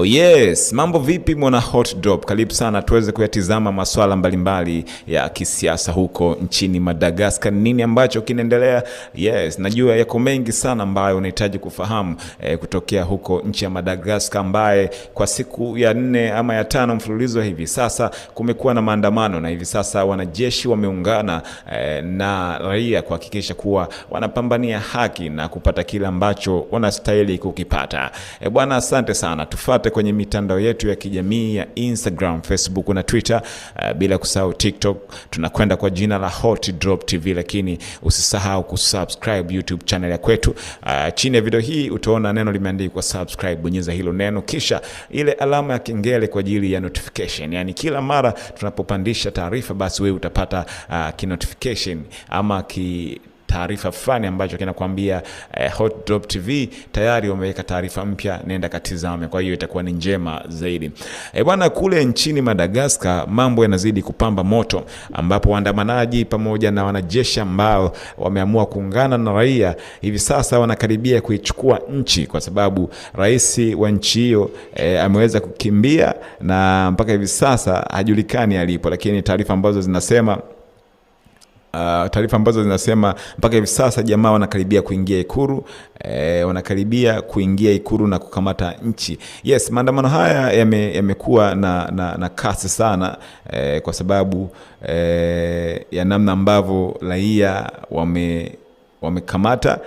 Oh yes, mambo vipi mwana hot drop? Karibu sana tuweze kuyatizama masuala mbalimbali ya kisiasa huko nchini Madagascar. Nini ambacho kinaendelea? Yes, najua yako mengi sana ambayo unahitaji kufahamu eh, kutokea huko nchi ya Madagascar ambaye kwa siku ya nne ama ya tano mfululizo hivi sasa kumekuwa na maandamano na hivi sasa wanajeshi wameungana eh, na raia kuhakikisha kuwa wanapambania haki na kupata kile ambacho wanastahili kukipata. Eh, bwana asante sana. Tufuate tupate kwenye mitandao yetu ya kijamii ya Instagram, Facebook na Twitter, uh, bila kusahau TikTok. Tunakwenda kwa jina la Hot Drop TV, lakini usisahau kusubscribe YouTube channel ya kwetu. Uh, chini ya video hii utaona neno limeandikwa subscribe, bonyeza hilo neno, kisha ile alama ya kengele kwa ajili ya notification. Yani kila mara tunapopandisha taarifa, basi wewe utapata uh, eh, ki notification ama ki taarifa fulani ambacho kinakwambia eh, Hotdop TV tayari wameweka taarifa mpya, nenda katizame. Kwa hiyo itakuwa ni njema zaidi. E bwana, kule nchini Madagaskar mambo yanazidi kupamba moto, ambapo waandamanaji pamoja na wanajeshi ambao wameamua kuungana na raia hivi sasa wanakaribia kuichukua nchi, kwa sababu rais wa nchi hiyo eh, ameweza kukimbia na mpaka hivi sasa hajulikani alipo, lakini taarifa ambazo zinasema uh, taarifa ambazo zinasema mpaka hivi sasa jamaa wanakaribia kuingia Ikuru eh, wanakaribia kuingia Ikuru na kukamata nchi. Yes, maandamano haya yamekuwa yame na, na, na kasi sana eh, kwa sababu eh, ya namna ambavyo raia wame wamekamata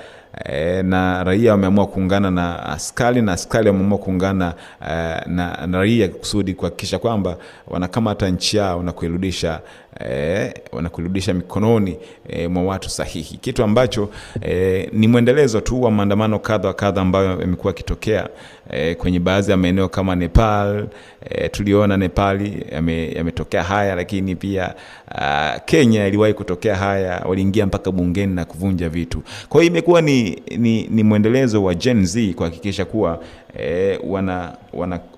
E, na raia wameamua kuungana na askari na askari wameamua kuungana e, na, na raia kusudi kuhakikisha kwamba wanakamata nchi yao na kuirudisha e, wanakurudisha mikononi e, mwa watu sahihi, kitu ambacho e, ni mwendelezo tu wa maandamano kadha wa kadha ambayo yamekuwa akitokea e, kwenye baadhi ya maeneo kama Nepal e, tuliona Nepali yametokea yame haya, lakini pia a, ah, Kenya iliwahi kutokea haya, waliingia mpaka bungeni na kuvunja vitu. Kwa hiyo imekuwa ni, ni, ni mwendelezo wa Gen Z kuhakikisha kuwa e, wana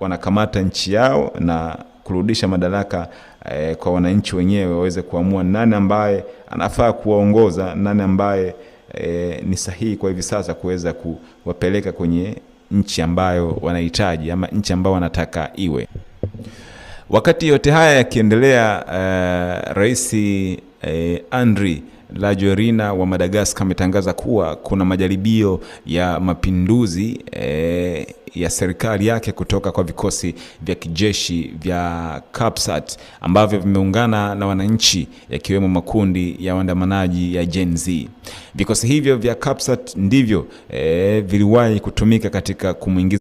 wanakamata wana nchi yao na kurudisha madaraka eh, kwa wananchi wenyewe waweze kuamua nani ambaye anafaa kuwaongoza, nani ambaye eh, ni sahihi kwa hivi sasa kuweza kuwapeleka kwenye nchi ambayo wanahitaji ama nchi ambayo wanataka iwe. Wakati yote haya yakiendelea, eh, Rais eh, Andri la Jorina wa Madagascar ametangaza kuwa kuna majaribio ya mapinduzi e, ya serikali yake kutoka kwa vikosi vya kijeshi vya Capsat ambavyo vimeungana na wananchi yakiwemo makundi ya waandamanaji ya Gen Z. Vikosi hivyo vya Capsat ndivyo e, viliwahi kutumika katika kumwingiza